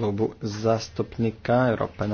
klubu zastupnika Europa